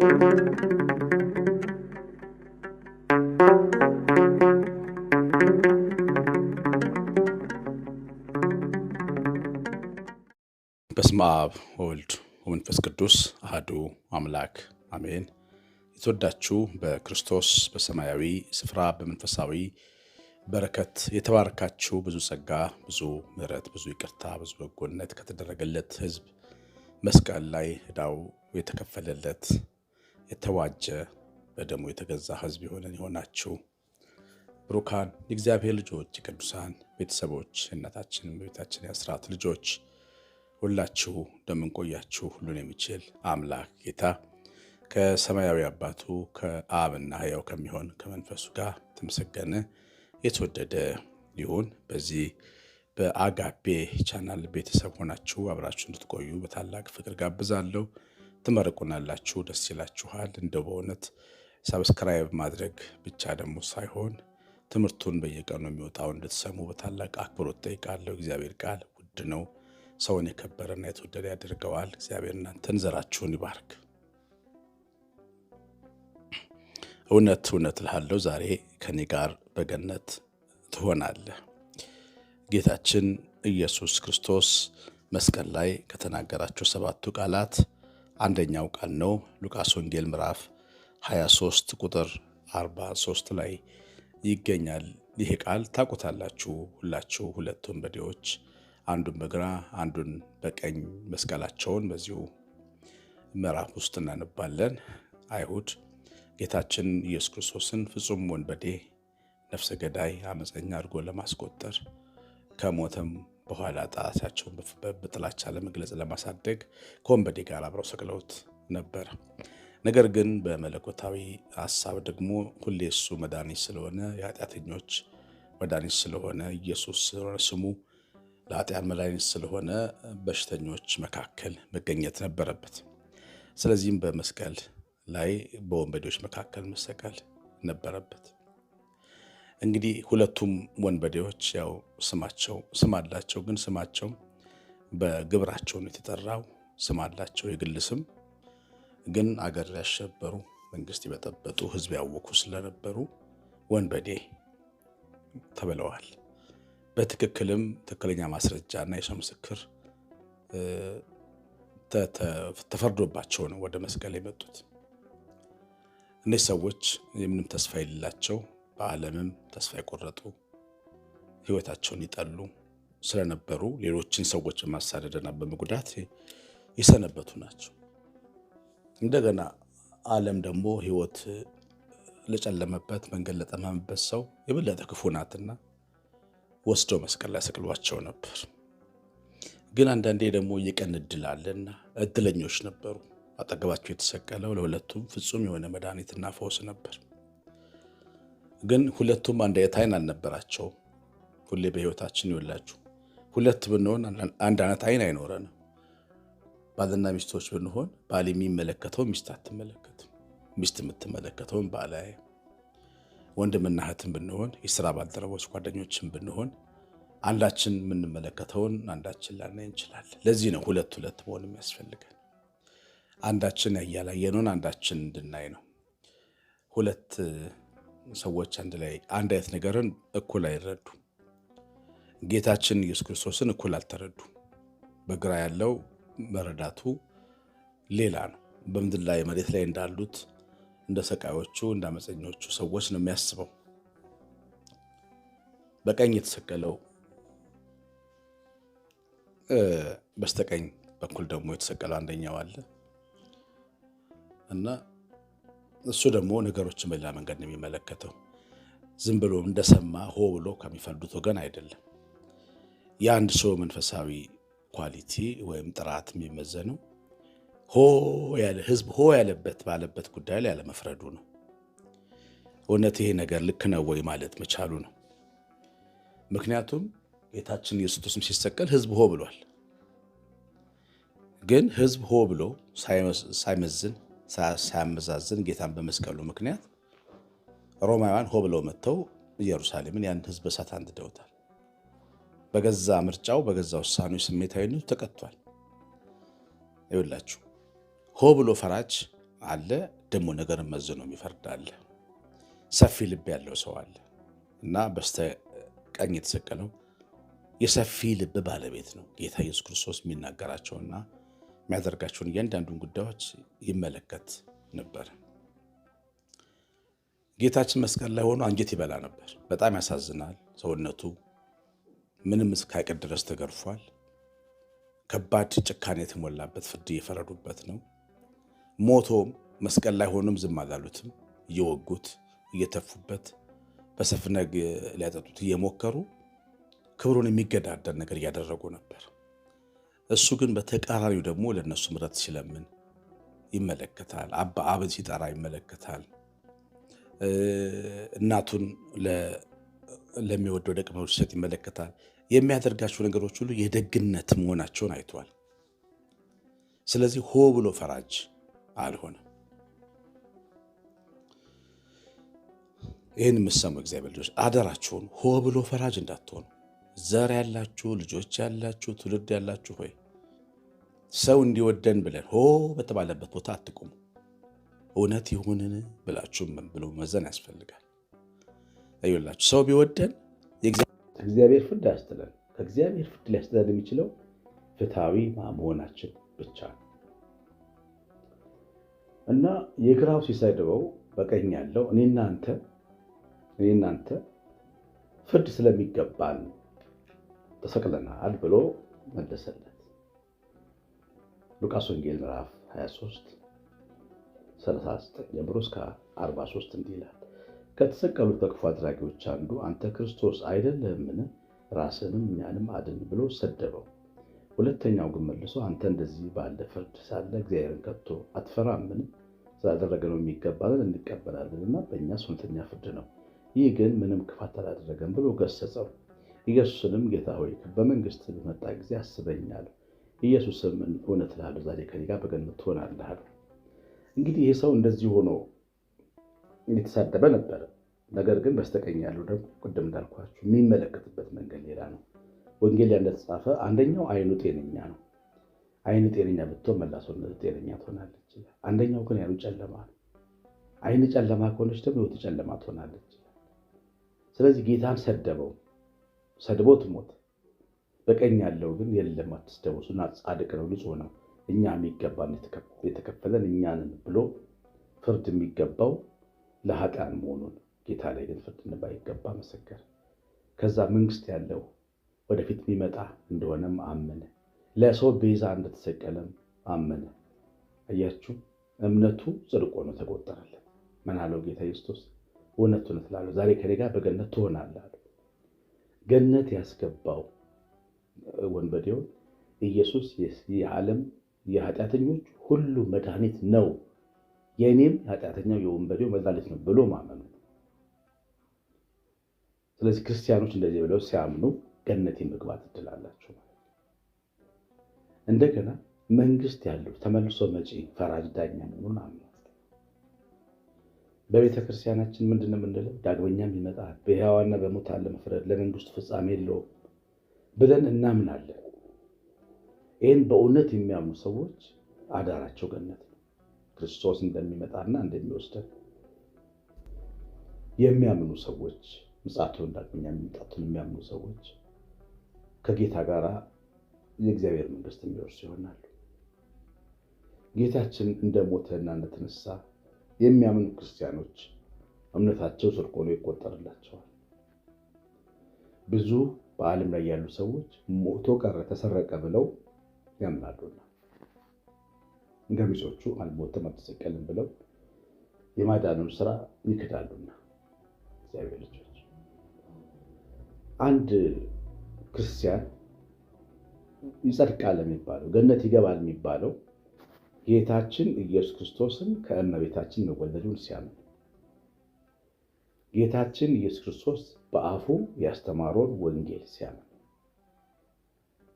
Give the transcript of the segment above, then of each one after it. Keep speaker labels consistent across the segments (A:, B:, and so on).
A: በስመ አብ ወወልድ ወመንፈስ ቅዱስ አህዱ አምላክ አሜን። የተወዳችሁ በክርስቶስ በሰማያዊ ስፍራ በመንፈሳዊ በረከት የተባረካችሁ ብዙ ጸጋ፣ ብዙ ምሕረት፣ ብዙ ይቅርታ፣ ብዙ በጎነት ከተደረገለት ሕዝብ መስቀል ላይ ዕዳው የተከፈለለት የተዋጀ በደሙ የተገዛ ህዝብ የሆነን የሆናችሁ ብሩካን የእግዚአብሔር ልጆች የቅዱሳን ቤተሰቦች እናታችን ቤታችን የአስራት ልጆች ሁላችሁ እንደምንቆያችሁ ሁሉን የሚችል አምላክ ጌታ ከሰማያዊ አባቱ ከአብና ሕያው ከሚሆን ከመንፈሱ ጋር የተመሰገነ የተወደደ ይሁን። በዚህ በአጋቤ ቻናል ቤተሰብ ሆናችሁ አብራችሁ እንድትቆዩ በታላቅ ፍቅር ጋብዛለሁ። ትመርቁናላችሁ፣ ደስ ይላችኋል። እንደ በእውነት ሰብስክራይብ ማድረግ ብቻ ደግሞ ሳይሆን ትምህርቱን በየቀኑ የሚወጣው እንድትሰሙ በታላቅ አክብሮት ጠይቃለሁ። እግዚአብሔር ቃል ውድ ነው፣ ሰውን የከበረና የተወደደ ያደርገዋል። እግዚአብሔር እናንተን ዘራችሁን ይባርክ። እውነት እውነት እልሃለሁ ዛሬ ከኔ ጋር በገነት ትሆናለህ። ጌታችን ኢየሱስ ክርስቶስ መስቀል ላይ ከተናገራቸው ሰባቱ ቃላት አንደኛው ቃል ነው። ሉቃስ ወንጌል ምዕራፍ 23 ቁጥር 43 ላይ ይገኛል። ይህ ቃል ታውቁታላችሁ ሁላችሁ ሁለት ወንበዴዎች አንዱን በግራ አንዱን በቀኝ መስቀላቸውን በዚሁ ምዕራፍ ውስጥ እናነባለን። አይሁድ ጌታችን ኢየሱስ ክርስቶስን ፍጹም ወንበዴ፣ ነፍሰ ገዳይ፣ አመፀኛ አድርጎ ለማስቆጠር ከሞተም በኋላ ጣታቸውን በጥላቻ ለመግለጽ ለማሳደግ ከወንበዴ ጋር አብረው ሰቅለውት ነበር። ነገር ግን በመለኮታዊ ሀሳብ ደግሞ ሁሌ እሱ መድኃኒት ስለሆነ የኃጢአተኞች መድኃኒት ስለሆነ ኢየሱስ ስሙ ለኃጢአን መድኃኒት ስለሆነ በሽተኞች መካከል መገኘት ነበረበት። ስለዚህም በመስቀል ላይ በወንበዴዎች መካከል መሰቀል ነበረበት። እንግዲህ ሁለቱም ወንበዴዎች ያው ስማቸው ስም አላቸው፣ ግን ስማቸው በግብራቸው ነው የተጠራው። ስም አላቸው የግል ስም፣ ግን አገር ያሸበሩ መንግስት የበጠበጡ ህዝብ ያወኩ ስለነበሩ ወንበዴ ተብለዋል። በትክክልም ትክክለኛ ማስረጃ እና የሰው ምስክር ተፈርዶባቸው ነው ወደ መስቀል የመጡት። እነዚህ ሰዎች የምንም ተስፋ የሌላቸው በዓለምም ተስፋ የቆረጡ ህይወታቸውን ይጠሉ ስለነበሩ ሌሎችን ሰዎች በማሳደድና በመጉዳት የሰነበቱ ናቸው። እንደገና ዓለም ደግሞ ህይወት ለጨለመበት መንገድ ለጠመመበት ሰው የበለጠ ክፉ ናትና ወስደው መስቀል ላይ ሰቅሏቸው ነበር። ግን አንዳንዴ ደግሞ የቀን እድል አለና እድለኞች ነበሩ። አጠገባቸው የተሰቀለው ለሁለቱም ፍጹም የሆነ መድኃኒትና ፈውስ ነበር። ግን ሁለቱም አንድ አይነት አይን አልነበራቸውም። ሁሌ በህይወታችን ይወላችሁ ሁለት ብንሆን አንድ አይነት አይን አይኖረንም። ባልና ሚስቶች ብንሆን ባል የሚመለከተው ሚስት አትመለከትም፣ ሚስት የምትመለከተውን ባል አያይም። ወንድምና እህትም ብንሆን የስራ ባልደረቦች ጓደኞችም ብንሆን አንዳችን የምንመለከተውን አንዳችን ላናይ እንችላለን። ለዚህ ነው ሁለት ሁለት መሆን የሚያስፈልገን። አንዳችን ያያላየነውን አንዳችን እንድናይ ነው ሁለት ሰዎች አንድ ላይ አንድ አይነት ነገርን እኩል አይረዱ። ጌታችን ኢየሱስ ክርስቶስን እኩል አልተረዱ። በግራ ያለው መረዳቱ ሌላ ነው። በምድር ላይ መሬት ላይ እንዳሉት እንደ ሰቃዮቹ እንደ አመፀኞቹ ሰዎች ነው የሚያስበው። በቀኝ የተሰቀለው በስተቀኝ በኩል ደግሞ የተሰቀለው አንደኛው አለ እና እሱ ደግሞ ነገሮችን በሌላ መንገድ ነው የሚመለከተው። ዝም ብሎ እንደሰማ ሆ ብሎ ከሚፈርዱት ወገን አይደለም። የአንድ ሰው መንፈሳዊ ኳሊቲ ወይም ጥራት የሚመዘነው ሆ ያለ ህዝብ ሆ ያለበት ባለበት ጉዳይ ላይ ያለመፍረዱ ነው። እውነት ይሄ ነገር ልክ ነው ወይ ማለት መቻሉ ነው። ምክንያቱም ጌታችን ኢየሱስ ክርስቶስም ሲሰቀል ህዝብ ሆ ብሏል። ግን ህዝብ ሆ ብሎ ሳይመዝን ሳያመዛዝን ጌታን በመስቀሉ ምክንያት ሮማውያን ሆ ብለው መጥተው ኢየሩሳሌምን ያን ህዝብ እሳት አንድደውታል። በገዛ ምርጫው በገዛ ውሳኔ ስሜታዊነቱ ተቀጥቷል። ይውላችሁ ሆ ብሎ ፈራጅ አለ፣ ደግሞ ነገርን መዝኖ የሚፈርድ አለ፣ ሰፊ ልብ ያለው ሰው አለ እና በስተቀኝ የተሰቀለው የሰፊ ልብ ባለቤት ነው ጌታ ኢየሱስ ክርስቶስ የሚናገራቸውና የሚያደርጋቸውን እያንዳንዱን ጉዳዮች ይመለከት ነበር። ጌታችን መስቀል ላይ ሆኖ አንጀት ይበላ ነበር። በጣም ያሳዝናል። ሰውነቱ ምንም እስካቅድ ድረስ ተገርፏል። ከባድ ጭካኔ የተሞላበት ፍርድ እየፈረዱበት ነው። ሞቶም መስቀል ላይ ሆኖም ዝም አላሉትም። እየወጉት፣ እየተፉበት፣ በሰፍነግ ሊያጠጡት እየሞከሩ ክብሩን የሚገዳደር ነገር እያደረጉ ነበር። እሱ ግን በተቃራኒው ደግሞ ለእነሱ ምረት ሲለምን ይመለከታል። አባ አብን ሲጠራ ይመለከታል። እናቱን ለሚወደው ደቀ መዝሙር ሲሰጥ ይመለከታል። የሚያደርጋቸው ነገሮች ሁሉ የደግነት መሆናቸውን አይተዋል። ስለዚህ ሆ ብሎ ፈራጅ አልሆነም። ይህን የምሰሙ እግዚአብሔር ልጆች አደራችሁን ሆ ብሎ ፈራጅ እንዳትሆኑ ዘር ያላችሁ ልጆች ያላችሁ ትውልድ ያላችሁ ሆይ ሰው እንዲወደን ብለን ሆ በተባለበት ቦታ አትቁሙ። እውነት ይሁንን ብላችሁም ብሎ መዘን ያስፈልጋል። ይላችሁ ሰው ቢወደን ከእግዚአብሔር ፍርድ አያስጥለን። ከእግዚአብሔር ፍርድ ሊያስጥለን የሚችለው ፍትሐዊ መሆናችን ብቻ ነው እና የግራው ሲሰድበው በቀኝ ያለው እኔ እናንተ ፍርድ ስለሚገባን ተሰቅለናል ብሎ መለሰልን። ሉቃስ ወንጌል ምዕራፍ 23 39 ጀምሮ እስከ 43 እንዲህ ይላል። ከተሰቀሉት በክፉ አድራጊዎች አንዱ አንተ ክርስቶስ አይደለህምን? ራስንም እኛንም አድን ብሎ ሰደበው። ሁለተኛው ግን መልሶ አንተ እንደዚህ ባለ ፍርድ ሳለ እግዚአብሔርን ከቶ አትፈራምን? ነው የሚገባልን እንቀበላለን እና በእኛ እውነተኛ ፍርድ ነው። ይህ ግን ምንም ክፋት አላደረገም ብሎ ገሰጸው። ኢየሱስንም ጌታ ሆይ በመንግስት በመጣ ጊዜ አስበኛል ኢየሱስም እውነት እልሃለሁ ዛሬ ከእኔ ጋር በገነት ትሆናለህ አለው። እንግዲህ ይህ ሰው እንደዚህ ሆኖ እየተሳደበ ነበረ። ነገር ግን በስተቀኝ ያለው ደግሞ ቅድም እንዳልኳችሁ የሚመለከትበት መንገድ ሌላ ነው። ወንጌል እንደተጻፈ አንደኛው አይኑ ጤነኛ ነው። አይኑ ጤነኛ ብትሆን መላ ሰውነት ጤነኛ ትሆናለች። አንደኛው ግን አይኑ ጨለማ ነው። አይን ጨለማ ከሆነች ደግሞ ሕይወት ጨለማ ትሆናለች። ስለዚህ ጌታን ሰደበው፣ ሰድቦት ሞት በቀኝ ያለው ግን የለም አትስደውሱና ጻድቅ ነው ንጹህ ነው እኛ የሚገባን የተከፈለን እኛንን ብሎ ፍርድ የሚገባው ለኃጢአን መሆኑን ጌታ ላይ ግን ፍርድ ባይገባ መሰከር። ከዛ መንግስት ያለው ወደፊት የሚመጣ እንደሆነም አመነ። ለሰው ቤዛ እንደተሰቀለም አመነ። አያችሁ፣ እምነቱ ጽድቅ ሆኖ ተቆጠረለት። ምን ጌታ ኢየሱስ? እውነት እውነት እላለሁ ዛሬ ከኔ ጋር በገነት ትሆናለህ አለ። ገነት ያስገባው ወንበዴውን ኢየሱስ የዓለም የኃጢአተኞች ሁሉ መድኃኒት ነው፣ የእኔም የኃጢአተኛው የወንበዴው መድኃኒት ነው ብሎ ማመኑ። ስለዚህ ክርስቲያኖች እንደዚህ ብለው ሲያምኑ ገነት መግባት እድል አላቸው። እንደገና መንግስት ያለው ተመልሶ መጪ ፈራጅ ዳኛ መሆኑን አምነው በቤተ ክርስቲያናችን ምንድን ነው የምንለው? ዳግመኛም ይመጣል በሕያዋንና በሙታን ለመፍረድ ለመንግስቱ ፍጻሜ የለውም። ብለን እናምናለን። ይህን በእውነት የሚያምኑ ሰዎች አዳራቸው ገነት ነው፣ ክርስቶስ እንደሚመጣና እንደሚወስደን የሚያምኑ ሰዎች ምጽአቱን ዳግመኛ መምጣቱን የሚያምኑ ሰዎች ከጌታ ጋር የእግዚአብሔር መንግስት የሚወርሱ ይሆናሉ። ጌታችን እንደ ሞተና እንደተነሳ የሚያምኑ ክርስቲያኖች እምነታቸው ጽድቅ ሆኖ ይቆጠርላቸዋል። ብዙ በዓለም ላይ ያሉ ሰዎች ሞቶ ቀረ ተሰረቀ ብለው ያምናሉና ገሚሶቹ ቢጾቹ አልሞተም አልተሰቀልም ብለው የማዳኑን ስራ ይክዳሉና እግዚአብሔር ልጆች አንድ ክርስቲያን ይጸድቃል የሚባለው ገነት ይገባል የሚባለው ጌታችን ኢየሱስ ክርስቶስን ከእመቤታችን መወለዱን ሲያምን ጌታችን ኢየሱስ ክርስቶስ በአፉ ያስተማረውን ወንጌል ሲያምን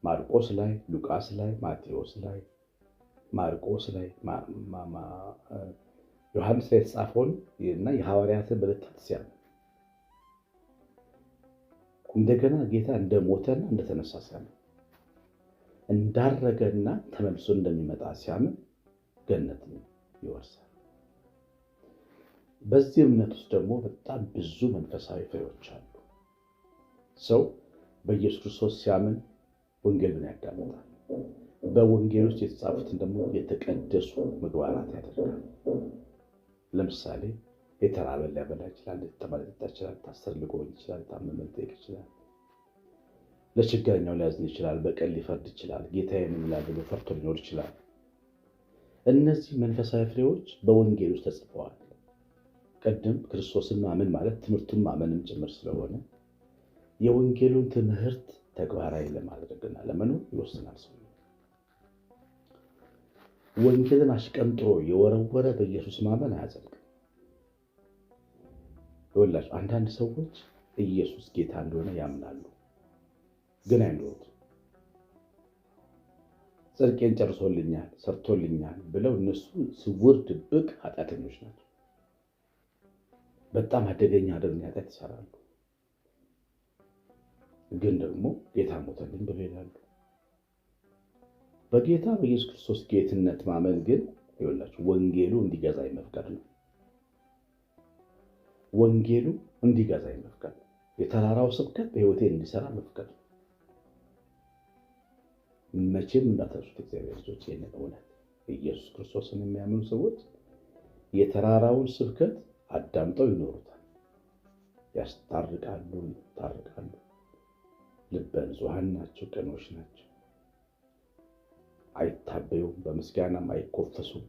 A: ማርቆስ ላይ፣ ሉቃስ ላይ፣ ማቴዎስ ላይ፣ ማርቆስ ላይ፣ ዮሐንስ ላይ የተጻፈውን እና የሐዋርያትን ብልታት ሲያምን እንደገና ጌታ እንደሞተና እንደተነሳ ሲያምን እንዳረገና ተመልሶ እንደሚመጣ ሲያምን ገነትን ይወርሳል። በዚህ እምነት ውስጥ ደግሞ በጣም ብዙ መንፈሳዊ ፍሬዎች አሉ። ሰው በኢየሱስ ክርስቶስ ሲያምን ወንጌልን ያዳምጣል። በወንጌል ውስጥ የተጻፉትን ደግሞ የተቀደሱ ምግባራት ያደርጋል። ለምሳሌ የተራበ ሊያበላ ይችላል፣ የተጠማ ሊጠጣ ይችላል፣ ታሰር ሊጎበኝ ይችላል፣ የታመመ ሊጠይቅ ይችላል፣ ለችግረኛው ሊያዝን ይችላል፣ በቀል ሊፈርድ ይችላል፣ ጌታዬ ምን ብሎ ፈርቶ ሊኖር ይችላል። እነዚህ መንፈሳዊ ፍሬዎች በወንጌል ውስጥ ተጽፈዋል። ቀደም ክርስቶስን ማመን ማለት ትምህርቱን ማመንም ጭምር ስለሆነ የወንጌሉን ትምህርት ተግባራዊ ለማድረግና ለመኖር ይወስናል። ሰው ወንጌልን አሽቀንጥሮ የወረወረ በኢየሱስ ማመን አያዘልቅም። ይወላችሁ አንዳንድ ሰዎች ኢየሱስ ጌታ እንደሆነ ያምናሉ፣ ግን አይኖሩት ጽድቄን ጨርሶልኛል፣ ሰርቶልኛል ብለው እነሱ ስውር ድብቅ ኃጢአተኞች ናቸው። በጣም አደገኛ አደገኛ ኃጢአት ይሰራሉ። ግን ደግሞ ጌታ ሞተልን ብሎ ይላሉ። በጌታ በኢየሱስ ክርስቶስ ጌትነት ማመን ግን ይኸውላችሁ ወንጌሉ እንዲገዛ መፍቀድ ነው። ወንጌሉ እንዲገዛ መፍቀድ የተራራው ስብከት በህይወቴ እንዲሰራ መፍቀድ ነው። መቼም እንዳትረሱት እግዚአብሔር ልጆች ይህንን እውነት ኢየሱስ ክርስቶስን የሚያምኑ ሰዎች የተራራውን ስብከት አዳምጠው ይኖሩታል። ያስታርቃሉ፣ ይታርቃሉ። ልበ ንጹሐን ናቸው፣ ቅኖች ናቸው። አይታበዩም፣ በምስጋናም አይኮፈሱም።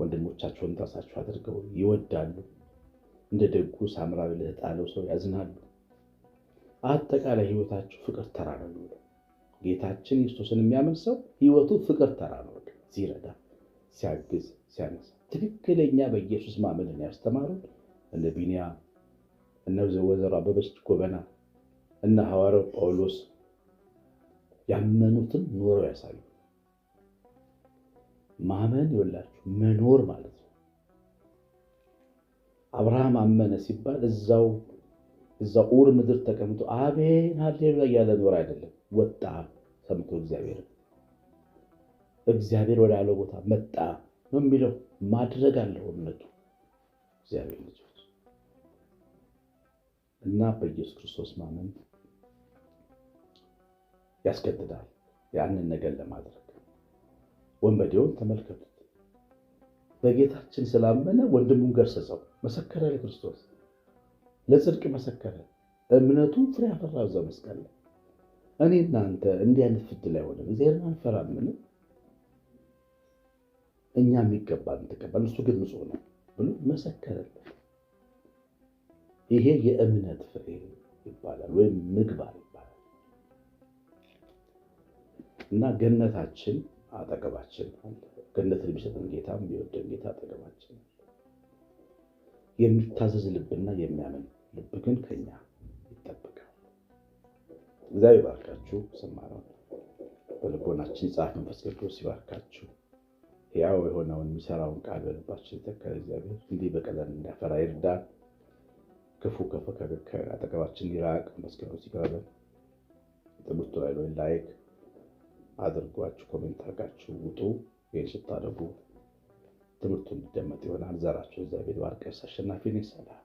A: ወንድሞቻቸውን ራሳቸው አድርገው ይወዳሉ። እንደ ደጉ ሳምራዊ ለተጣለው ሰው ያዝናሉ። አጠቃላይ ህይወታቸው ፍቅር ተራ ነው። ጌታችን ክርስቶስን የሚያምን ሰው ህይወቱ ፍቅር ተራ ነው። ሲረዳ፣ ሲያግዝ፣ ሲያነሳ ትክክለኛ በኢየሱስ ማመንን ያስተማሩን እነ ቢንያ እነ ወይዘሮ አበበች ጎበና እና ሐዋርያው ጳውሎስ ያመኑትን ኖረው ያሳዩ። ማመን ይወላችሁ መኖር ማለት ነው። አብርሃም አመነ ሲባል እዛው እዛ ኡር ምድር ተቀምጦ አቤን ሃሌሉያ እያለ ኖር አይደለም። ወጣ ሰምቶ እግዚአብሔር እግዚአብሔር ወዳለው ቦታ መጣ። ምን የሚለው ማድረግ አለው እምነቱ እግዚአብሔር ልጆች እና በኢየሱስ ክርስቶስ ማመን ያስገድዳል ያንን ነገር ለማድረግ ወንበዴውን ተመልከቱት በጌታችን ስላመነ ወንድሙን ገርሰሰው መሰከረ ለክርስቶስ ለጽድቅ መሰከረ እምነቱ ፍሬ አፈራ ዘመስቀል እኔ እናንተ እንዲህ አይነት ፍድል አይሆንም እግዚአብሔርን አንፈራምን እኛ የሚገባን ተቀበል፣ እሱ ግን ንጹህ ነው ብሎ መሰከረለት። ይሄ የእምነት ፍሬ ይባላል ወይም ምግባር ይባላል። እና ገነታችን አጠገባችን አለ። ገነትን የሚሰጠን ጌታ፣ የሚወደን ጌታ አጠገባችን የሚታዘዝ ልብና የሚያምን ልብ ግን ከኛ ይጠበቃል። እግዚአብሔር ይባርካችሁ። ሰማነው በልቦናችን ጻፍ። መንፈስ ቅዱስ ይባርካችሁ። ያው የሆነውን የሚሰራውን ቃል በልባችን የተከለ እግዚአብሔር እንዲህ በቀለም እንዲያፈራ ይርዳ። ክፉ ክፉ ከአጠገባችን ይራቅ። መስኪኖ ሲጋበን ትምህርቱ ላይ ላይክ አድርጓችሁ ኮሜንት አድርጋችሁ ውጡ። ይህን ስታደርጉ ትምህርቱ እንዲደመጥ ይሆናል። ዘራችሁ እግዚአብሔር ባርቀ አሸናፊ ነው። ይሰላል